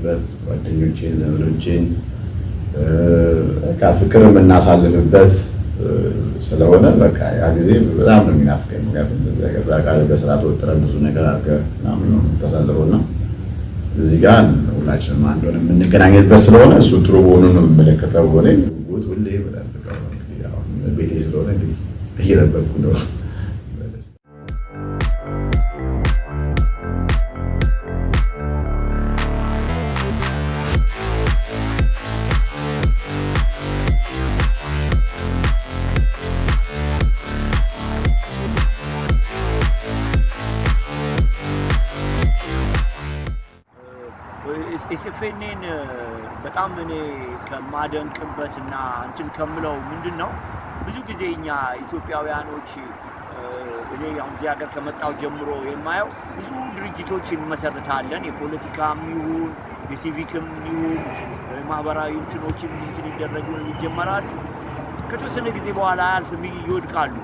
የምናገኝበት ጓደኞቼን፣ ዘመዶቼን ፍቅር የምናሳልፍበት ስለሆነ በቃ ያ ጊዜ በጣም ነው የሚናፍቀኝ። ምክንያቱም በስርዓት ተወጥረን ብዙ ነገር አድርገን ምናምን ነው የምታሳልፈው እና እዚህ ጋር ሁላችንም አንድ ሆነን የምንገናኘበት ስለሆነ እሱ ጥሩ ሆኖ ነው የምመለከተው። ሆነ ጉት ሁሌ ቤቴ ስለሆነ እንግዲህ እየጠበቅኩ ነው። ኤስኤፍኤንን በጣም እኔ ከማደንቅበት እና እንትን ከምለው ምንድን ነው ብዙ ጊዜ እኛ ኢትዮጵያውያኖች እኔ አሁን እዚህ ሀገር ከመጣው ጀምሮ የማየው ብዙ ድርጅቶች እንመሰርታለን። የፖለቲካም ይሁን የሲቪክም ይሁን ማህበራዊ እንትኖችም እንትን ይደረጉ ይጀመራሉ። ከተወሰነ ጊዜ በኋላ አልፍ ይወድቃሉ።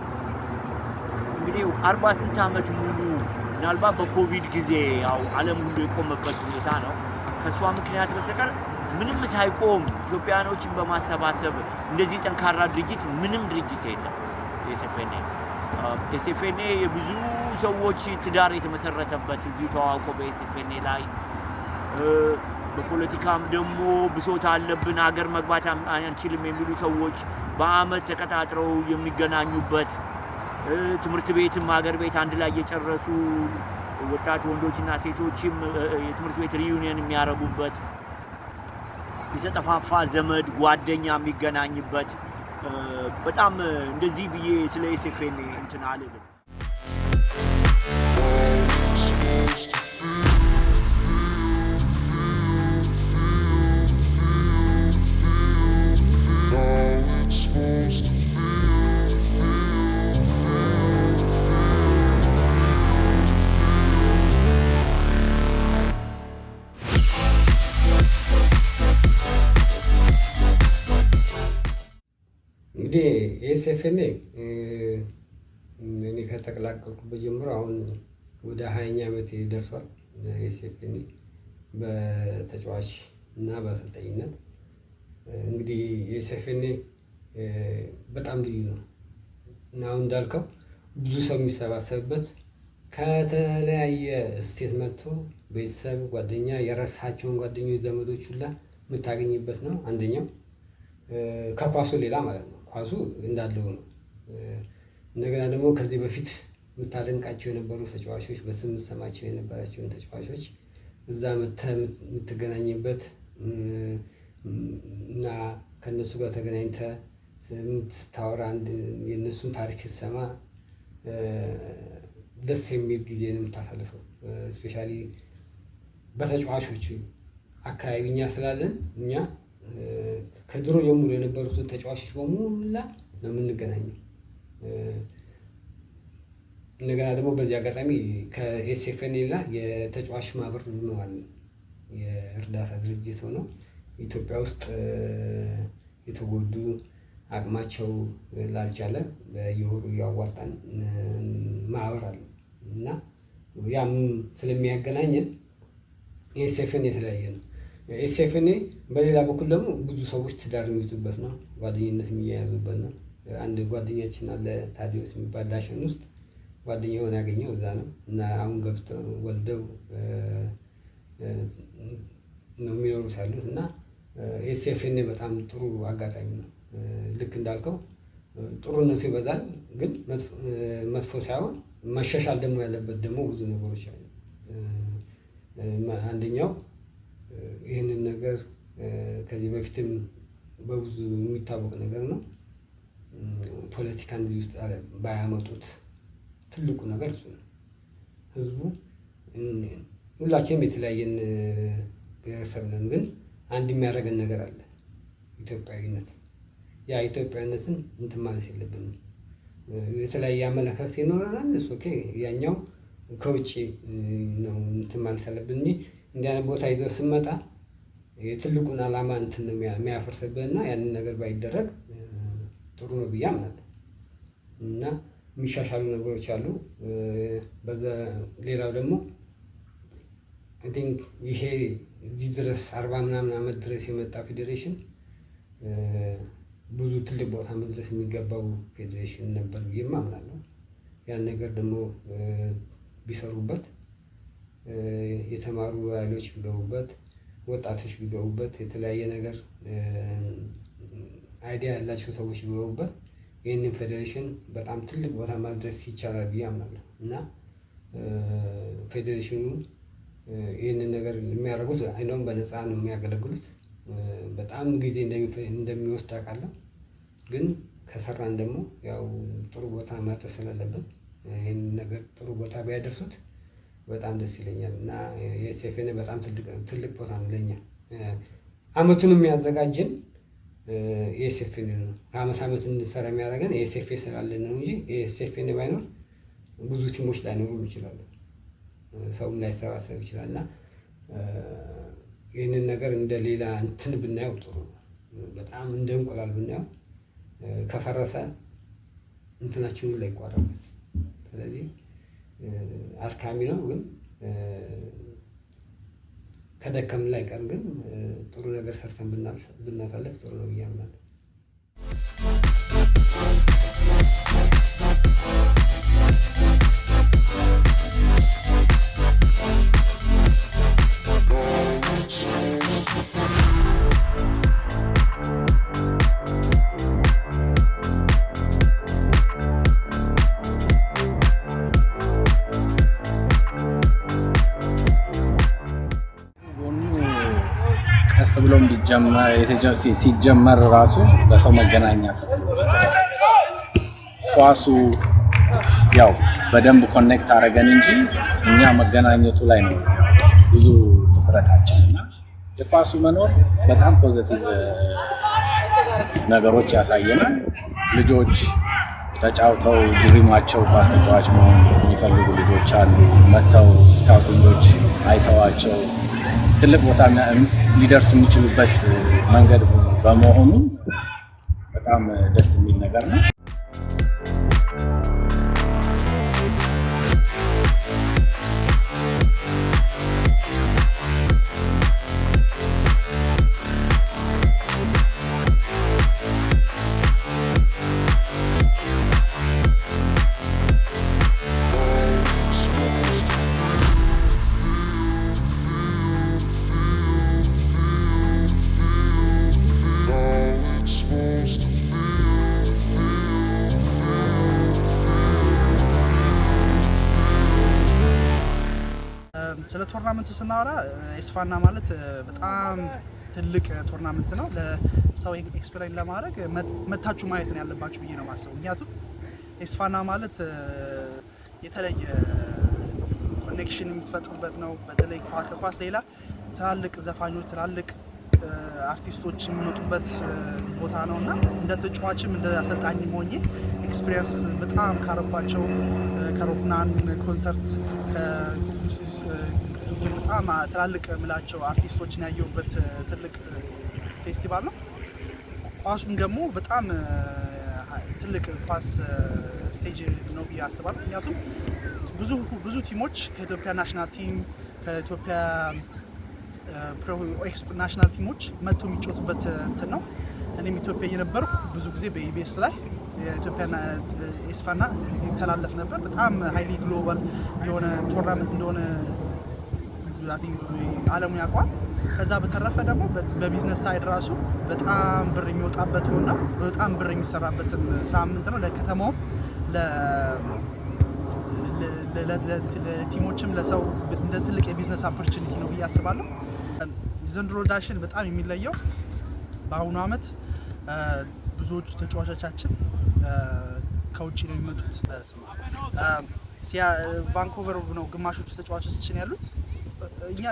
እንግዲህ አርባ ስንት ዓመት ሙሉ ምናልባት በኮቪድ ጊዜ ያው ዓለም ሁሉ የቆመበት ሁኔታ ነው ከእሷ ምክንያት በስተቀር ምንም ሳይቆም ኢትዮጵያኖችን በማሰባሰብ እንደዚህ ጠንካራ ድርጅት ምንም ድርጅት የለም። የሴፌኔ የሴፌኔ የብዙ ሰዎች ትዳር የተመሰረተበት እዚሁ ተዋውቆ በኤስኤፍኤንኤ ላይ በፖለቲካም ደግሞ ብሶት አለብን ሀገር መግባት አንችልም የሚሉ ሰዎች በአመት ተቀጣጥረው የሚገናኙበት ትምህርት ቤትም ሀገር ቤት አንድ ላይ እየጨረሱ ወጣት ወንዶችና ሴቶችም የትምህርት ቤት ሪዩኒየን የሚያረጉበት የተጠፋፋ ዘመድ ጓደኛ የሚገናኝበት በጣም እንደዚህ ብዬ ስለ ኤስኤፍኤን እንትን አልልም። ሴፍኔ እኔ እኔ ከተቀላቀልኩበት ጀምሮ አሁን ወደ ሀያኛ ዓመት ደርሷል። ኤስኤፍ በተጫዋች እና በአሰልጣኝነት እንግዲህ የሴፍኔ በጣም ልዩ ነው እና አሁን እንዳልከው ብዙ ሰው የሚሰባሰብበት ከተለያየ ስቴት መጥቶ ቤተሰብ፣ ጓደኛ፣ የረሳቸውን ጓደኞች፣ ዘመዶች ሁላ የምታገኝበት ነው። አንደኛው ከኳሱ ሌላ ማለት ነው። ኳሱ እንዳለው ነው። እንደገና ደግሞ ከዚህ በፊት የምታደንቃቸው የነበሩ ተጫዋቾች በስም የምትሰማቸው የነበራቸውን ተጫዋቾች እዛ የምትገናኝበት እና ከእነሱ ጋር ተገናኝተ ስታወራ የእነሱን ታሪክ ስትሰማ ደስ የሚል ጊዜ ነው የምታሳልፈው። እስፔሻሊ በተጫዋቾች አካባቢ እኛ ስላለን እኛ ከድሮ ጀምሮ የነበሩትን ተጫዋቾች በሙላ ነው የምንገናኘው። እንደገና ደግሞ በዚህ አጋጣሚ ሌላ የተጫዋች ማህበር ነዋል የእርዳታ ድርጅት ሆነው ኢትዮጵያ ውስጥ የተጎዱ አቅማቸው ላልቻለ በየወሩ ያዋጣን ማህበር አለ እና ያም ስለሚያገናኘን ኤስኤፍኤን የተለያየ ነው። ኤስኤፍኔ በሌላ በኩል ደግሞ ብዙ ሰዎች ትዳር የሚይዙበት ነው፣ ጓደኝነት የሚያያዙበት ነው። አንድ ጓደኛችን አለ ታዲዮስ የሚባል ዳሸን ውስጥ ጓደኛ የሆነ ያገኘው እዛ ነው እና አሁን ገብተው ወልደው ነው የሚኖሩት ያሉት እና ኤስኤፍኔ በጣም ጥሩ አጋጣሚ ነው። ልክ እንዳልከው ጥሩነቱ ይበዛል፣ ግን መጥፎ ሳይሆን መሻሻል ደግሞ ያለበት ደግሞ ብዙ ነገሮች አሉ። አንደኛው ይህንን ነገር ከዚህ በፊትም በብዙ የሚታወቅ ነገር ነው። ፖለቲካ እዚህ ውስጥ ባያመጡት ትልቁ ነገር እሱ ነው። ህዝቡ ሁላችንም የተለያየን ብሔረሰብ ነን፣ ግን አንድ የሚያደርገን ነገር አለ፣ ኢትዮጵያዊነት። ያ ኢትዮጵያዊነትን እንትን ማለት የለብንም። የተለያየ አመለካከት ይኖረናል። እሱ ኦኬ፣ ያኛው ከውጭ ነው እንትን ማለት አለብን። እንዲህ ቦታ ይዘው ስመጣ የትልቁን ዓላማ እንትን እና ያንን ነገር ባይደረግ ጥሩ ነው ብዬ አምናለሁ። እና የሚሻሻሉ ነገሮች አሉ። በዛ ሌላው ደግሞ አይ ቲንክ ይሄ እዚህ ድረስ አርባ ምናምን ዓመት ድረስ የመጣ ፌዴሬሽን ብዙ ትልቅ ቦታ መድረስ የሚገባው ፌዴሬሽን ነበር ብዬ አምናለሁ። ያን ነገር ደግሞ ቢሰሩበት የተማሩ ኃይሎች ቢገቡበት፣ ወጣቶች ቢገቡበት፣ የተለያየ ነገር አይዲያ ያላቸው ሰዎች ቢገቡበት ይህንን ፌዴሬሽን በጣም ትልቅ ቦታ ማድረስ ይቻላል ብዬ አምናለሁ እና ፌዴሬሽኑ ይህንን ነገር የሚያደርጉት አይነውም በነፃ ነው የሚያገለግሉት። በጣም ጊዜ እንደሚወስድ አውቃለሁ፣ ግን ከሰራን ደግሞ ያው ጥሩ ቦታ ማድረስ ስላለብን ይህን ነገር ጥሩ ቦታ ቢያደርሱት በጣም ደስ ይለኛል እና የሴፌን በጣም ትልቅ ቦታ ነው ለኛ። አመቱን የሚያዘጋጅን የሴፌን ነው። ከአመት አመት እንድንሰራ የሚያደርገን የሴፌ ስላለን ነው እንጂ የሴፌን ባይኖር ብዙ ቲሞች ላይኖሩ ይችላሉ። ሰውም ላይሰባሰብ ይችላል እና ይህንን ነገር እንደ ሌላ እንትን ብናየው ጥሩ ነው። በጣም እንደ እንቁላል ብናየው ከፈረሰ እንትናችን ሁሉ ይቋረጣል። ስለዚህ አድካሚ ነው ግን ከደከም ላይ ቀን ግን ጥሩ ነገር ሰርተን ብናሳለፍ ጥሩ ነው ብዬ አምናለሁ። ሲጀመር ራሱ በሰው መገናኛ ኳሱ ያው በደንብ ኮኔክት አደረገን እንጂ እኛ መገናኘቱ ላይ ነው ብዙ ትኩረታችን እና የኳሱ መኖር በጣም ፖዘቲቭ ነገሮች ያሳየናል። ልጆች ተጫውተው ድሪማቸው ኳስ ተጫዋች መሆን የሚፈልጉ ልጆች አሉ። መጥተው ስካውቲንጎች አይተዋቸው ትልቅ ቦታ ሊደርሱ የሚችሉበት መንገድ በመሆኑ በጣም ደስ የሚል ነገር ነው። ስለ ቶርናመንቱ ስናወራ ኤስፋና ማለት በጣም ትልቅ ቶርናመንት ነው። ለሰው ኤክስፕላይን ለማድረግ መታችሁ ማየት ነው ያለባችሁ ብዬ ነው ማሰቡ። ምክንያቱም ኤስፋና ማለት የተለየ ኮኔክሽን የምትፈጥሩበት ነው። በተለይ ከኳስ ሌላ ትላልቅ ዘፋኞች ትላልቅ አርቲስቶች የሚመጡበት ቦታ ነው እና እንደ ተጫዋችም እንደ አሰልጣኝም ሆኜ ኤክስፒሪየንስ በጣም ካረኳቸው ከሮፍናን ኮንሰርት በጣም ትላልቅ ምላቸው አርቲስቶችን ያየሁበት ትልቅ ፌስቲቫል ነው። ኳሱም ደግሞ በጣም ትልቅ ኳስ ስቴጅ ነው ብዬ አስባለሁ። ምክንያቱም ብዙ ብዙ ቲሞች ከኢትዮጵያ ናሽናል ቲም ከኢትዮጵያ ናሽናል ቲሞች መጥቶ የሚጫወቱበት እንትን ነው። እኔም ኢትዮጵያ እየነበርኩ ብዙ ጊዜ በኢቢኤስ ላይ የኢትዮጵያና ኤስፋና ይተላለፍ ነበር። በጣም ሀይሊ ግሎባል የሆነ ቶርናመንት እንደሆነ አለሙ ያውቀዋል። ከዛ በተረፈ ደግሞ በቢዝነስ ሳይድ ራሱ በጣም ብር የሚወጣበት ሆና በጣም ብር የሚሰራበትን ሳምንት ነው ለከተማውም ለቲሞችም ለሰው እንደ ትልቅ የቢዝነስ ኦፖርቹኒቲ ነው ብዬ አስባለሁ። የዘንድሮ ዳሽን በጣም የሚለየው በአሁኑ አመት ብዙዎቹ ተጫዋቾቻችን ከውጭ ነው የሚመጡት። ቫንኮቨር ነው ግማሾቹ ተጫዋቾችን ያሉት። እኛ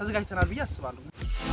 ተዘጋጅተናል ብዬ አስባለሁ።